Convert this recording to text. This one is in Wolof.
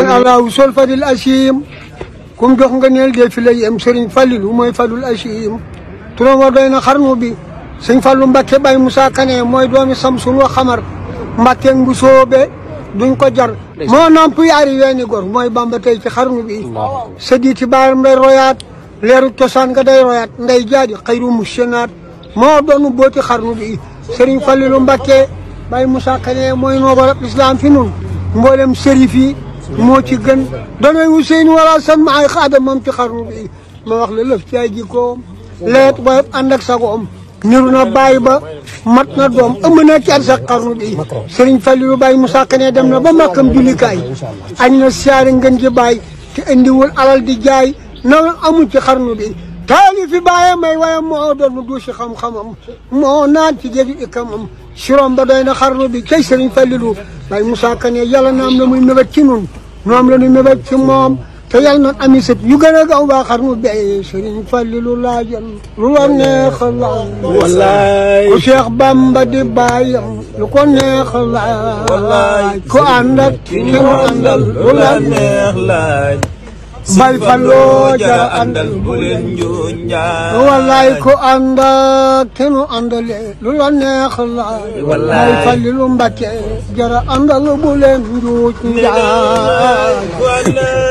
kon ala fadil asim kum jox nga neel dee fi lay am sëriñ Falilu mooy fadul asim turam wa doy na xarnu bi sëñ Fallu Mbàkke bay Musaa mooy doomi Samsun wa xamar Mbàkke ngu soobe ko jar moo namp yaari weeni gor mooy Bamba tey ci xarnu bi sëddiiti baaram day royaat leeru cosaan nga day royaat nday jaadi xayru mushanaat moo doonu booti xarnu bi sëriñ Falilu Mbàkke bay Musaa Kane mooy noobal islam fi nun mboolem sërif yi moo ci gën danay Hussein wala san ma ay xaada moom ci xarnu bi ma wax la lëf ci ay jikkoom leet ba ànd ak sagoom niru na bàyyi ba ma na doom ëmb na ci at sax xarnu bi Serigne Fallou Baye Moussa Kane dem na ba màkkam jullikaay añ na siyaare ngën ji bàyyi te indiwul alal di jaay na amul ci xarnu bi taali fi bàyye may waaye moo doon mu duusi xam-xamam moo naan ci jégi ikamam sirom ba doy na xarnu bi cay Serigne Fallou Baye Moussa Kane yàlla na am na muy mébét ci nun moom la ñu mébét ci moom te yal na ami sët yu gën a gaaw ba xar mu béy Sëriñ Fallilu laajan lu la neex la wallaay ku Bamba di bàyyam lu ko neex la wallaay ku àndat ci lu la neex laaj bal falloo jara àndal bu leen njaay wallaay ko ànd ak kenu lu la neex la wallaay fallilu mbàkke jara àndal bu leen njaay